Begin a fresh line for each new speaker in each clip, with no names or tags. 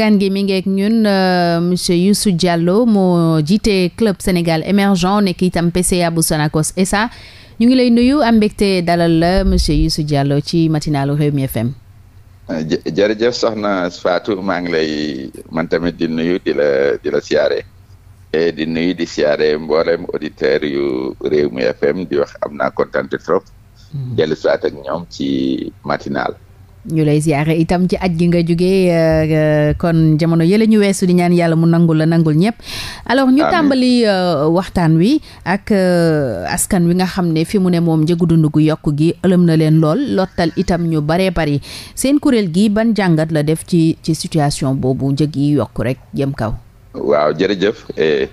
gan gi mi ngeek ñun euh, monsieur Youssou Diallo moo jiite club Sénégal émergent nekk itam PCA bu Sonacos SA ñu ngi lay nuyu am mbégte dalal la monsieur Youssou jàlloo ci matinalu mi FM
ah, jërëjëf soxna Fatou maa ngi lay man tamit di nuyu di la di eh, di nuyu di siyaare mboolem auditeur yu Rewmi FM di wax am naa kontaan trop hmm. dellu si ñoom ci matinal
ñu lay ziare itam ci aj gi nga jógee euh, euh, kon jamono yële ñu weesu di ñaan yàlla mu nangul la nangul ñëpp alors ñu tàmbali euh, waxtaan wi ak askan wi nga xam ne fi mu ne moom njëgu dund gu yokk gi ëlëm na leen lool lottal itam ñu baree bari seen kuréel gi ban jàngat la def ci ci situation boobu njëg yi yokk rek jëm kaw
waaw jërëjëf e,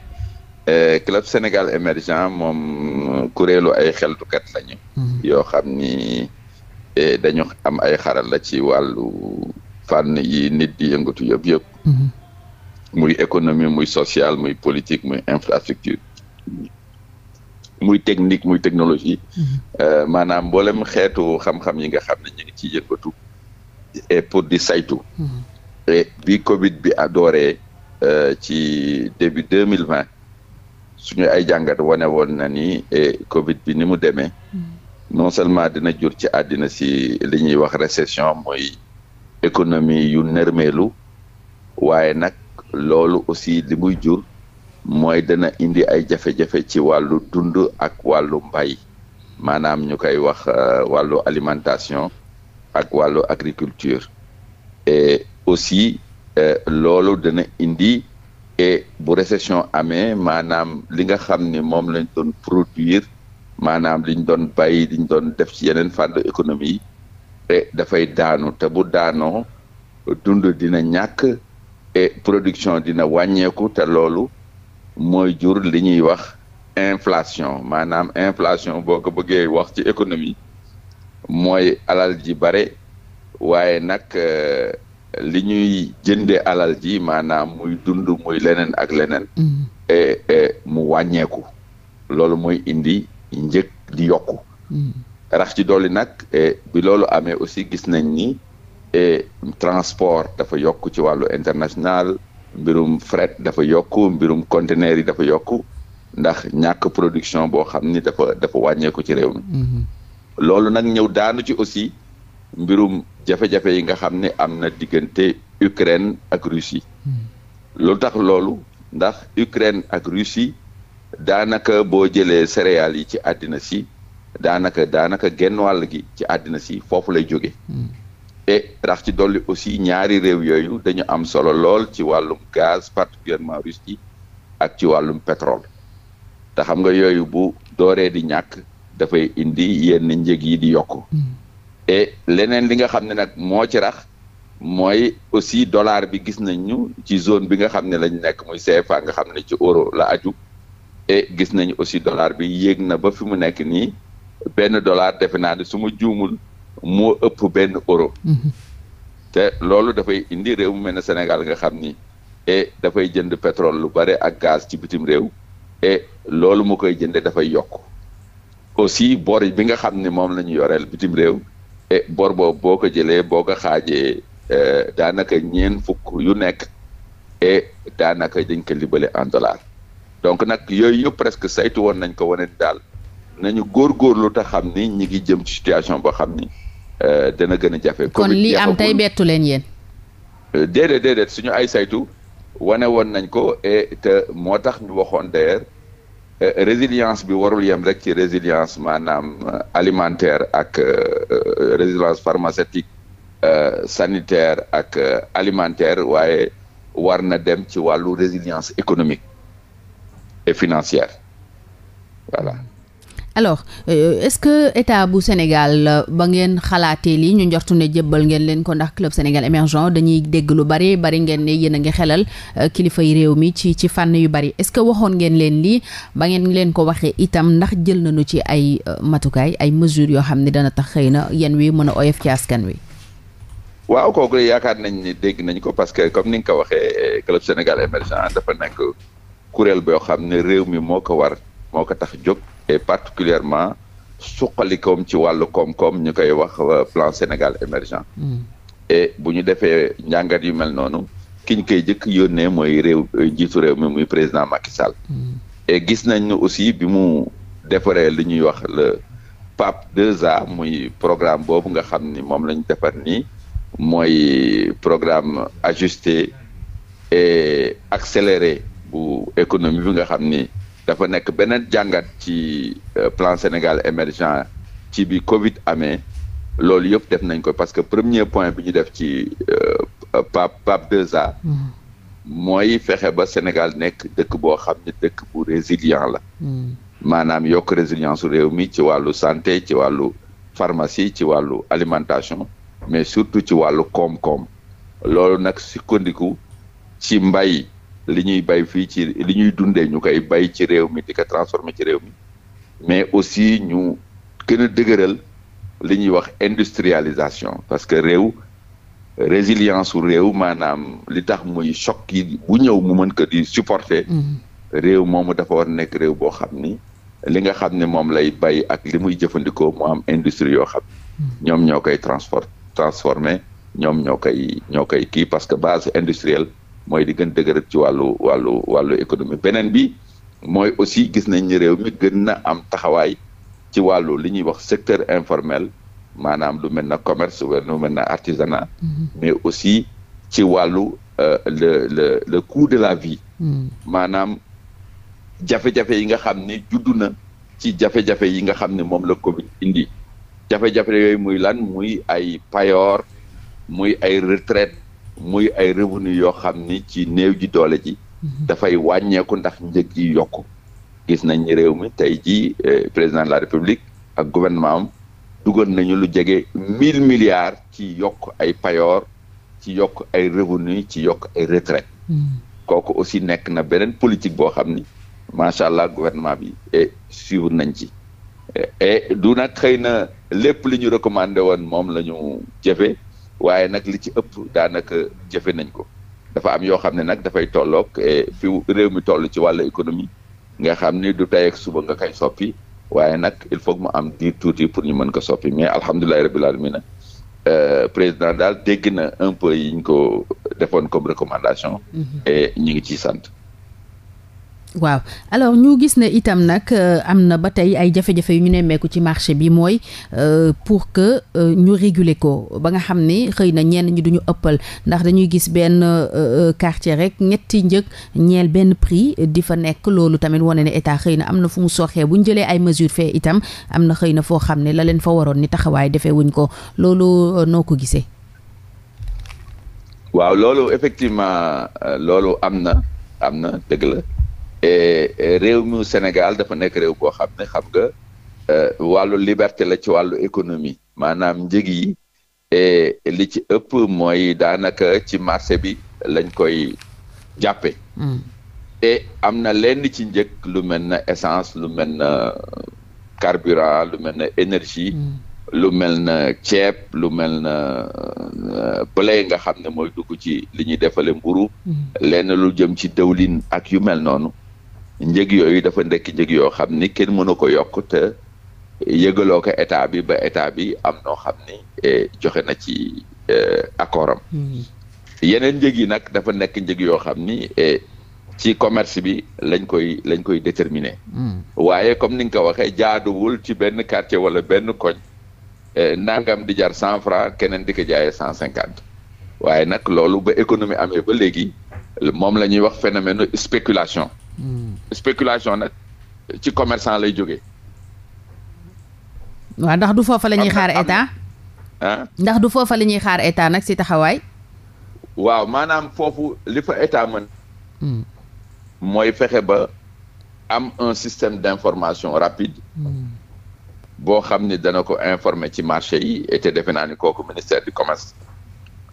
e, club Sénégal émergent moom kuréelu ay xeltukat lañu mhm. yoo xam ni et eh, dañu am ay xarala ci wàllu fànn yi nit di yëngatu yëpp yëpp mhm. muy économie muy sociale muy politique muy infrastructure muy technique muy technologie mhm. eh, maanaam mboolem xeetu xam-xam yi nga xam ne ñu ngi ciy yëngatu et pour di saytu mhm. et bi covid bi adooree eh, ci début deux mille vingt suñu ay jàngat wane woon na ni e covid bi ni mu demee non seulement dina jur ci àddina si li wax récession mooy économie yu nërmeelu waaye nag loolu aussi li jur mooy dana indi ay jafe-jafe ci wàllu dund ak wàllu mbay maanaam ñu koy wax euh, wàllu alimentation ak wàllu agriculture e aussi euh, loolu dana indi e bu récession amee maanaam li nga xam ni moom lañ doon produire maanaam liñ doon bay liñ doon def ci yeneen fànn économie yi dafay daanu te bu daanoo dund dina ñàkk et production dina wàññeeku te loolu mooy jur li ñuy wax inflation maanaam inflation boo ko bëggee wax ci économie mooy alal ji bare waaye nag euh, li ñuy jënde alal ji maanaam muy dund muy leneen ak leneen. Mm-hmm. mu wàññeeku. loolu mooy indi njëg di yokku hmm. rax ci dolli nag eh, bi loolu amee aussi gis nañ ni eh, transport dafa yokk ci wàllu international mbirum fret dafa yokk mbirum conteneur yi dafa yokk ndax ñàkk production boo xam ni dafa wàññeeku ci réew mi hmm. loolu nag ñëw daanu ci aussi mbirum jafe-jafe yi nga xam ne am na diggante Ukraine ak Russie loolu hmm. tax loolu ndax Ukraine ak Russie daanaka boo jëlee céréales yi ci àddina si daanaka daanaka genn wàll gi ci àddina si foofu lay jóge hmm. et rax ci dolli aussi ñaari réew yooyu dañu am solo lool ci wàllum gaz particulièrement russe yi ak ci wàllum pétrole te xam nga yooyu bu dooree di ñàkk dafay indi yenn njëg yi di yokk hmm. e leneen li nga xam ne nag moo ci rax mooy aussi dollar bi gis nañu ci zone bi nga xam ne lañ nekk muy CFA nga xam ne ci euro la aju et gis nañu aussi dollar bi yéeg na ba fi mu nekk nii benn dollar defe naa ne su ma juumul moo ëpp benn euro. Mhm. te loolu dafay indi réew mu mel ne Sénégal nga xam ni et dafay jënd petrole lu bare ak gaz ci bitim réew et loolu mu koy jënde dafay yokk aussi bor bi nga xam ni moom la ñu yoreel bitim réew et bor boo ko jëlee boo ko xaajee e daanaka ñeen fukk yu nekk et daanaka dañ ko libale en dollar donc nag yooyu yëpp presque saytu woon nañ ko wane daal nañu góor góorgóorlu te xam ni ñu ngi jëm situation boo xam ni euh, dana gën a jafe. kon lii am tey
bettu leen yéen.
Euh, déedéet déedéet suñu ay saytu wane woon nañ ko e te moo tax ñu waxoon d'ailleurs euh, résilience bi warul yem rek ci résilience maanaam alimentaire ak résilience pharmaceutique sanitaire ak alimentaire waaye war na dem ci wàllu résilience économique. et financière voilà.
alors euh, est-ce que état bu Sénégal euh, ba ngeen xalaatee lii ñu njortu ne jébbal ngeen leen ko ndax club Sénégal émergent dañuy dégg lu bari bari ngeen ne yéen a ngi xelal euh, kilifa yi réew mi ci ci fànn yu bari est-ce que waxoon ngeen leen lii ba ngeen leen ko waxee itam ndax jël nañu ci ay euh, matukaay ay mesure yoo xam ne dana tax xëy na yéen wi mën a oyof ci askan wi.
waaw kooku yaakaar nañ dégg nañ ko parce que comme ni nga ko waxee club Sénégal émergent kuréel boo xam ne réew mi moo ko war moo ko tax jóg et particulièrement suqalikoom ci wàllu koom-koom ñu koy wax euh, plan Sénégal émergent e bu ñu defee njàngat yu mel noonu ki ñu koy jëkk yónnee mooy réew euh, njiitu réew mi muy président Macky Sall hmm. gis nañ ne aussi bi mu defaree li ñuy wax le PAP 2A muy programme boobu nga xam ni moom lañu defar nii mooy programme ajusté et accéléré bu économie bi nga xam ni dafa nekk beneen jàngat ci euh, plan Sénégal émergent ci bi Covid amee loolu yëpp def nañ ko parce que premier point bi ñu def ci PAP PAP 2A. mooy fexe ba Sénégal nekk dëkk boo xam ni dëkk bu résilient la. Mm-hmm. maanaam yokk résilience réew mi ci wàllu santé ci wàllu pharmacie ci wàllu alimentation mais surtout ci wàllu koom-koom loolu nag sukkandiku ci mbay li ñuy bay fii ci li ñuy dundee ñu koy bay ci réew mi di ko transformer ci réew mi mais aussi ñu gën a dëgëral li ñuy wax industrialisation parce que réew résilience su réew maanaam li tax muy choc yi bu ñëw mu mën ko di supporter mm-hmm. réew moomu dafa war nekk réew boo xam ni li nga xam ne moom lay bay ak li muy jëfandikoo moo am industrie yoo xam mm-hmm. ñoom ñoo koy transport transformer ñoom ñoo koy ñoo koy kii parce que base industrielle mooy di gën dëgër ci wàllu wàllu wàllu économie beneen bi mooy aussi gis nañ ni réew mi gën na am taxawaay ci wàllu li ñuy wax secteur informel maanaam lu mel na commerce wala lu mel na artisanat mm -hmm. mais aussi ci wàllu euh, le le le de la vie mm. maanaam jafe-jafe yi nga xam ni juddu na ci jafe-jafe yi nga xam ne moom la Covid indi jafe-jafe yooyu muy lan muy ay payoor muy ay retraite muy ay revenu yoo xam ni ci néew ji doole ji mhm. dafay wàññeeku ndax njëg yi yokk gis nañ ni réew mi tey ji eh, président de la république ak gouvernement am dugal nañu lu jege mille milliards ci yokk ay payoor ci yokk ay revenu ci yokk ay retraite mhm. kooku aussi nekk na beneen politique boo xam ni macha allah gouvernement bi et eh, suivre nañ ci et eh, du nag xëy na lépp li ñu recommandé woon moom la ñu jëfe waaye nag li ci ëpp daanaka jëfe nañ ko dafa am yoo xam ne nag dafay tolloog eh, fi réew mi toll ci wàllu économie nga xam ni du tey suba nga koy soppi waaye nag il faut mu am diir tuuti pour ñu mën ko soppi mais alhamdulilahi rabbil alamin euh, président daal dégg na un peu yi ñu ko defoon comme recommandation mm-hmm. et ñu ngi ciy sant
waaw alors ñu gis ne itam nag euh, am na ba tey ay jafe-jafe yu ñu nemmeeku ci marché bi mooy euh, pour que euh, ñu réguler ko ba nga xam ne xëy na ñenn ñi duñu ëppal ndax dañuy gis benn quartier rek ñetti njëkk ñeel benn prix di fa nekk loolu tamit wane ne état xëy na am na fu mu soxee bu ñu jëlee ay mesures fee itam am na xëy na foo xam ne la leen fa waroon ni taxawaay defee wuñ ko loolu noo ko gisee.
waaw loolu effectivement loolu am na am na dëgg la. Eh, réew mu Sénégal dafa nekk réew boo xam ne xam nga eh, wàllu liberté la ci wàllu économie maanaam njëg yi eh, li ci ëpp mooy daanaka ci marché bi lañ koy jàppe hmm. te am na lenn ci njëg lu mel na essence lu mel na carburant lu mel na énergie hmm. lu mel na ceeb lu mel na blé nga xam ne mooy dugg ci li ñuy defale mburu hmm. lenn lu jëm ci dëwlin ak yu mel noonu njëg yooyu dafa nekk njëg yoo xam ni kenn mënu ko yokk te yëgaloo ko état bi ba état bi am noo xam ni eh, joxe na ci eh, accordam hmm. yeneen njëg yi nag dafa nekk njëg yoo xam ni eh, ci commerce bi lañ koy lañ koy déterminer hmm. waaye comme ni nga ko waxee jaaduwul ci benn quartier wala benn koñ nangam di jar cent franc keneen di ko jaayee cent cinquante waaye nag loolu ba économie ame ba léegi moom la ñuy wax phénomène spéculation Mm. spéculation nag ci commerçant lay jóge
waa ndax du foofa la ñuy xaar état. ah ndax du foofa la ñuy xaar état nag si taxawaay.
waaw maanaam foofu li fa état mën. Mm. mooy fexe ba am un système d'information rapide. Mm. boo xam ni dana ko informer ci marché yi et te defe naa ni kooku ministère du commerce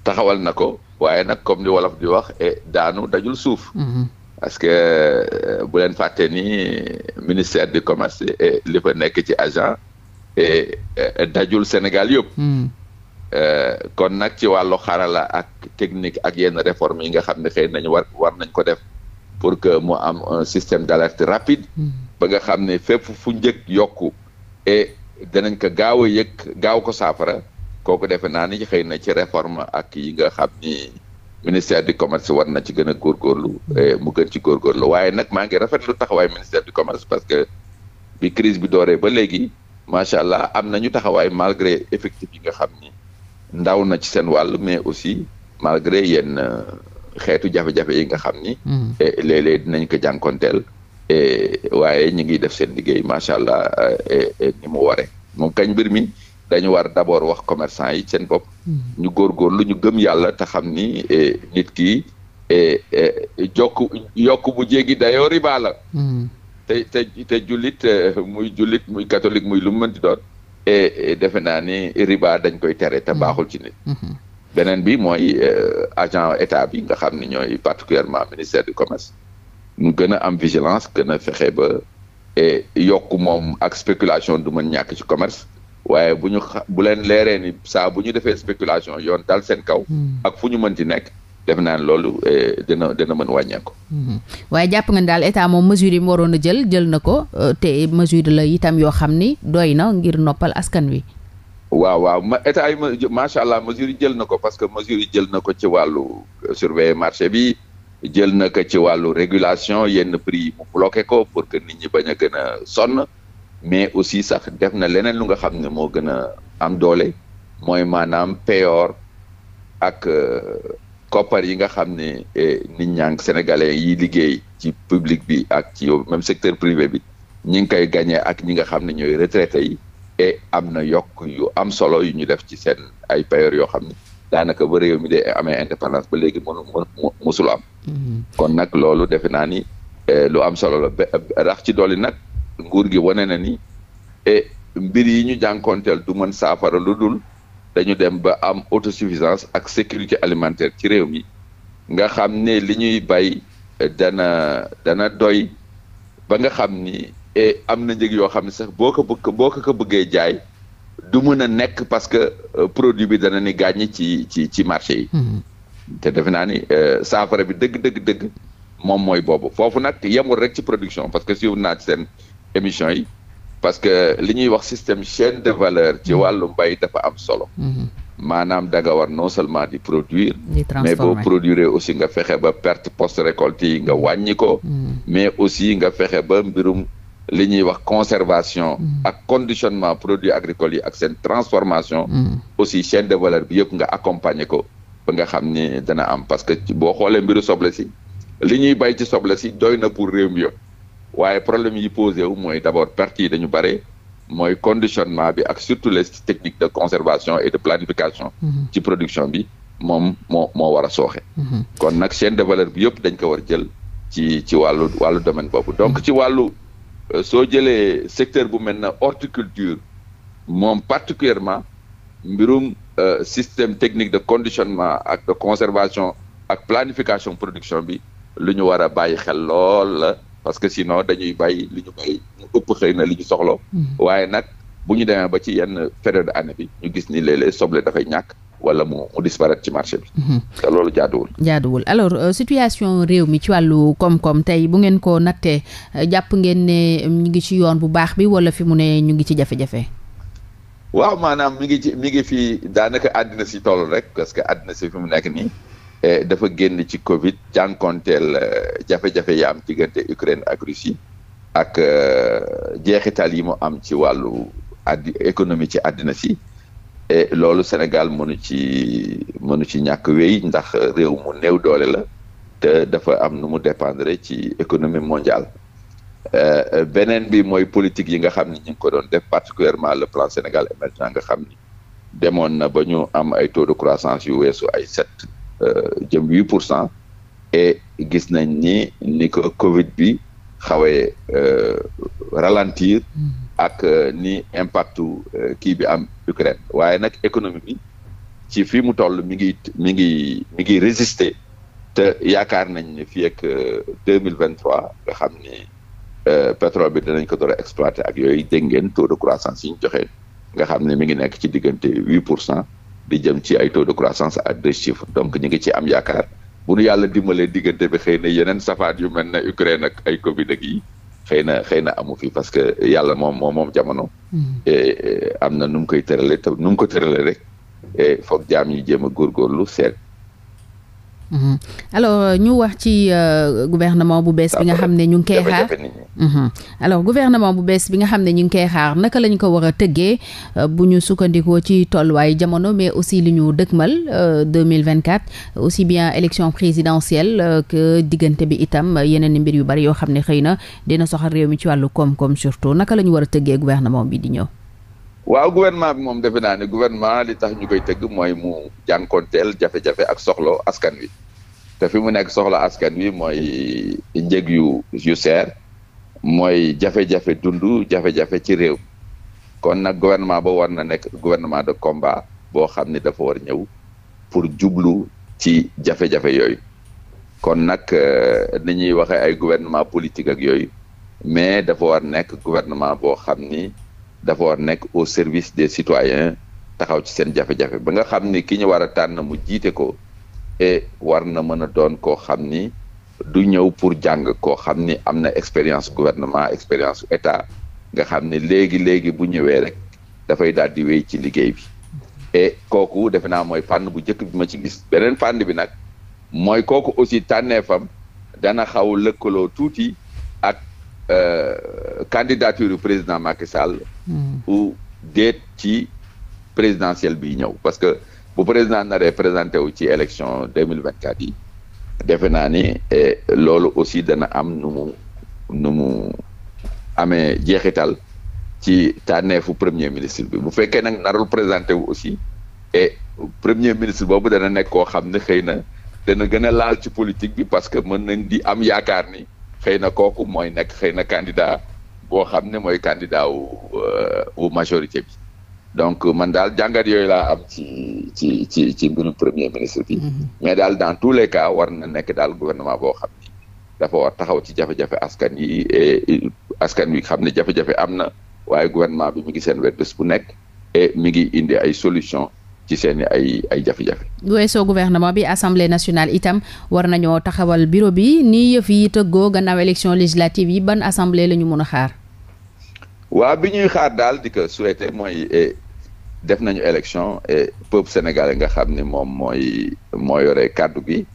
taxawal na ko waaye nag comme li wolof di wax et daanu dajul suuf. Mm-hmm. parce que euh, bu leen fàtte ni ministère du commencé li fa nekk ci agent et euh, dajul Sénégal yëpp. Hmm. Euh, kon nag ci wàllu xarala ak technique ak yenn réformes yi nga xam ne xëy nañu war war nañ ko def pour que mu am un système d'alerte rapide. Hmm. ba nga xam ne fépp fu njëkk yokku e danañ ko gaaw a yëg gaaw ko saafara kooku defe naa ni xëy na ci réforme ak yi nga xam ni. ministère du commerce war na ci gën a góorgóorlu eh, mu gën ci góorgóorlu waaye nag maa ngi rafetlu taxawaay ministère du commerce parce que bi crise bi dooree ba léegi macha allah am nañu taxawaay malgré effectif yi nga xam ni ndaw na ci seen wàll mais aussi malgré yenn eh, xeetu jafe-jafe yi nga xam ni. Mm-hmm. Eh, léeg-léeg dinañ ko jànkonteel. waaye ñu ngi def seen liggéey macha allah ni mu waree moom kañ mbir mi. dañu war d'abord wax commerçant yi seen bopp. Hmm. ñu góorgóorlu ñu gëm yàlla te xam ni eh, nit ki eh, eh, jokk yokk bu jéggi dayoo riba la. Hmm. te te te jullit muy julit muy catholique muy lu mu mënti doon. e defe naa ni riba dañ koy tere te hmm. baaxul ci nit. beneen bi mooy agent état bi nga xam ne ñooy particulièrement ministère du commerce ñu gën a am vigilance gën a fexe ba e yokk moom ak spéculation du mën ñàkk ci commerce. waaye bu ñu xa bu leen leeree ni saa bu ñu defee spéculation yoon dal seen kaw. Hmm. ak fu ñu mën ci nekk. def naa loolu eh, dina dina mën wàññeeku.
Hmm. waaye jàpp nga ni daal état moom mesure yi mu waroon a jël jël na ko euh, te mesure la itam yoo xam ni doy na ngir noppal askan wi.
waaw waaw ma état yi ma macha allah mesure yi jël na ko parce que mesure yi jël na ko ci wàllu euh, surveiller marché bi jël na ko ci wàllu régulation yenn prix yi mu ko pour que nit ñi bañ a gën a mais aussi sax def na leneen lu nga xam ne moo gën a am doole mooy maanaam peyoor ak euh, koppar yi nga xam ne eh, nit ñaa ngi sénégalais yi liggéey ci public bi ak ci même secteur privé bi ñi ngi koy gagné ak ñi nga xam ne ñooy retraité yi et am na yokk yu am solo yu ñu def ci seen ay payoor yoo xam ne daanaka ba réew mi de amee indépendance ba léegi mënu mësul am mm-hmm. kon nag loolu defe naa ni eh, lu am solo la rax ci dolli nag nguur gi wane na ni e mbir yi ñu jànkoonteel du mën saafara lu dul dañu dem ba am autosuffisance ak sécurité alimentaire ci réew mi nga xam ne li ñuy bay e, dana dana doy ba nga xam ni e am na njëg yoo xam ne sax boo ko bëgg boo ko ko bëggee jaay du mën a nekk parce que e, produit bi dana ni gàññi ci ci ci marché yi mm-hmm. te defe naa ni e, saafara bi dëgg dëgg dëgg moom mooy boobu foofu nag yemul rek ci production parce que si naa ci seen émission yi parce que li ñuy wax système chaîne de valeur ci mm-hmm. wàllu mbay dafa am solo mm-hmm. maanaam da nga war non seulement di produire mais boo produire aussi nga fexe ba perte post récolte yi nga wàññi ko mm-hmm. mais aussi nga fexe ba mbirum li ñuy wax conservation ak conditionnement produit agricoles yi ak sen transformation aussi chaîne de valeur bi yëpp nga accompagner ko ba nga xam ni dana am parce que boo xoolee mbiru soble si li ñuy bay ci soble si doy na pour réew yëpp waaye problème yi posé wu mooy d'abord perte yi dañu bare mooy conditionnement bi ak surtout les techniques de conservation et de planification mhm. ci production bi moom moo moo war a sooxe mhm. kon nag chaîne de valeur bi yëpp dañ ko war jël ci ci wàllu wàllu domaine boobu donc mhm. ci wàllu euh, soo jëlee secteur bu mel na horticulture moom particulièrement mbirum euh, système technique de conditionnement ak de conservation ak planification production bi lu ñu war a bàyyi xel lool la parce que sinon dañuy bàyyi li ñu bàyyi mu ëpp xëy na li ñu soxla. Mm-hmm. waaye nag bu ñu demee ba ci yenn période année bi ñu gis ni léeg-léeg soble dafay ñàkk. wala mu mu ci marché bi. Mm-hmm. te loolu jaaduwul.
jaaduwul alors euh, situation réew mi ci wàllu koom-koom tey bu ngeen ko nattee euh, jàpp ngeen ne ñu ngi ci yoon bu baax bi wala fi mu ne ñu ngi ci jafe-jafe.
waaw maanaam mu ngi ci mi ngi fi daanaka àddina si toll rek parce que àddina si fi mu nekk nii. Eh, dafa génn ci Covid jànkonteel eh, jafe-jafe yi am diggante Ukraine ak Russie ak eh, jeexital yi mu am ci wàllu addi économie ci àddina si et loolu Sénégal mënu ci mënu ci ñàkk wéy ndax réew mu néew doole la te dafa am nu mu dépendre ci économie mondiale beneen bi mooy politique yi nga xam ni ñu ngi ko doon def particulièrement le plan Sénégal émergent nga xam ni demoon na ba ñu am ay taux de croissance yu weesu ay sept jëm huit pour cent et gis nañ ni ni ko Covid bi xawee euh, ralentir mm-hmm. ak euh, ni impactu euh, kii bi am Ukraine waaye nag économie bi ci fii mu toll mi ngi mi ngi mi ngi résister te yaakaar nañ ni fii ak deux mille vingt trois nga xam ni pétrole bi dinañ ko door a exploiter ak yooyu dégg ngeen taux de croissance yi joxe nga xam ne mi ngi nekk ci diggante huit pour cent di jëm ci ay taux de croissance à deux donc ñu ngi ci am yaakaar bu yàlla dimbalee diggante bi xëy na yeneen safaat yu mel ne Ukraine ak ay Covid ak yi xëy na xëy na amu fi parce que yàlla moom moom moom jamono. Hmm. am na nu mu koy tëralee te nu mu ko tëralee rek foog jaam yi jéem a góorgóorlu seet.
Mhm. alors euh, ñu wax ci euh, gouvernement bu bees bi nga xam ne ñu ngi koy xaar mhm. alors gouvernement bu bees bi nga xam ne ñu ngi koy xaar naka lañ ko war a tëggee euh, bu ñu sukkandikoo ci tolluwaay jamono mais aussi li ñu dëgmal 2024 aussi bien élection présidentielle que diggante bi itam yeneen mbir yu bari yoo xam ne xëy na dina soxal réew mi ci wàllu koom-koom surtout naka la ñu war a tëggee gouvernement bi di ñëw
waaw gouvernement bi moom defe naa ne gouvernement li tax ñu koy tëgg mooy mu jànkonteel jafe-jafe ak soxla askan wi te fi mu nekk soxla askan wi mooy njëg yu yu seer mooy jafe-jafe dund jafe-jafe ci réew kon nag gouvernement ba war na nekk gouvernement de combat boo xam ni dafa war ñëw pour jublu ci jafe-jafe yooyu kon nag euh, ni ñuy waxee ay gouvernement politique ak yooyu mais dafa war nekk gouvernement boo xam ni dafa war nekk au service des citoyens taxaw ci seen jafe-jafe ba nga xam ni ki ñu war a tànn mu jiite ko e war na mën a doon koo xam ni du ñëw pour jàng koo xam ni am na expérience gouvernement expérience état nga xam ni léegi léegi bu ñëwee rek dafay daal di wéy ci liggéey bi et kooku defe naa mooy fànn bu njëkk bi ma ci gis beneen fànn bi nag mooy kooku aussi tànnee fam dana xaw lëkkaloo tuuti ak Euh, candidature yu président Macky Sall. Hmm. ou déet ci présidentielle bi ñëw parce que bu président naree présenté wu ci élection deux mille vingt quatre yi. defe naa ni eh, loolu aussi dana am nu mu nu mu amee jeexital ci tànneefu premier ministre bi bu fekkee nag narul présenté wu aussi et eh, premier ministre boobu dana nekk koo xam ne xëy na dana gën a laal ci politique bi parce que mën nañ di am yaakaar ni. xëy na kooku mooy nekk xëy na candidat boo xam ne mooy candidat wu euh, wu majorité bi donc euh, man daal jàngat yooyu laa am ci ci ci ci mbirum premier ministre bi. Mm-hmm. mais daal dans tous les cas war na nekk daal gouvernement boo xam ni dafa war taxaw ci jafe-jafe askan yi askan wi xam ne jafe am na waaye gouvernement bi mi ngi seen wet bés bu nekk et mi ngi indi ay solution ci seen ay ay jafe-jafe.
bu weesoo gouvernement bi assemblée nationale itam war nañoo taxawal bureau bi ni yëf yi tëggoo gannaaw élection législative yi ban assemblée la ñu mun a xaar.
waa bi ñuy xaar daal di ko souhaité mooy eh, def nañu élection et eh, peuple sénégalais nga xam ne moom mooy moo yore kàddu gi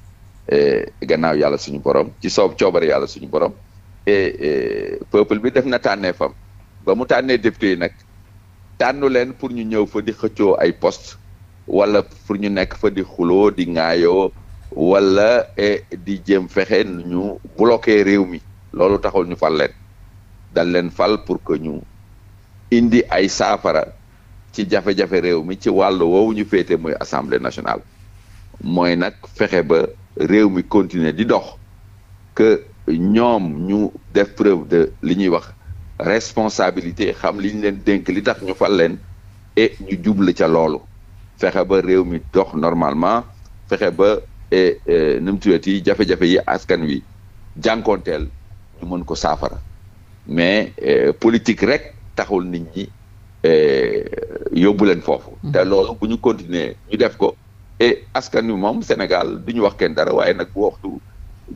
eh, gannaaw yàlla suñu borom ci soob coobare yàlla suñu borom et peuple bi def na tànnee fam ba mu tànnee député yi nag tànnu leen pour ñu ñëw fa di xëccoo ay post wala pour ñu nekk fa di xuloo di ŋaayoo wala eh, di jéem fexe ñu bloqué réew mi loolu taxul ñu fal leen dañ leen fal pour que ñu indi ay saafara ci jafe-jafe réew mi ci wàll woowu ñu féete mooy assemblée nationale mooy nag fexe ba réew mi continuer di dox que ñoom ñu def preuve de li ñuy wax responsabilité xam li ñu leen dénk li tax ñu fal leen et ñu jublu ca loolu fexe ba réew mi dox normalement fexe ba e, e, nu mu tuddati jafe-jafe yi askan wi jànkoonteel ñu mën ko saafara mais e, politique rek taxul nit ñi yóbbu leen foofu. te mhm. loolu bu ñu continuer ñu def ko. et askan wi moom Sénégal du ñu wax kenn dara waaye nag bu waxtu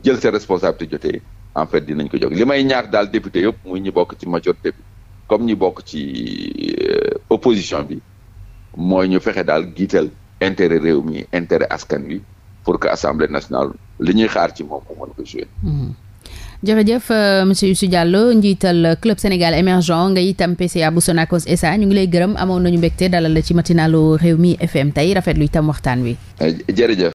jël sa responsabilité jotee en fait dinañ ko jóg li may ñaar daal député yëpp muy ñi bokk ci majorité bi comme ñi bokk ci opposition bi. mooy ñu fexe daal giital intérêt réew mi intérêt askan wi pour que assemblée nationale lu ñuy xaar ci moom mu mën ko jouer.
Mhm.
jërëjëf euh, monsieur Youssou Diallo njiital club Sénégal émergent nga itam PCA bu Sonacos SA ñu ngi lay gërëm amoon nañu mbégte dalal la ci matinalu réew mi FM tey rafet rafetlu itam waxtaan wi.
Euh, jërëjëf.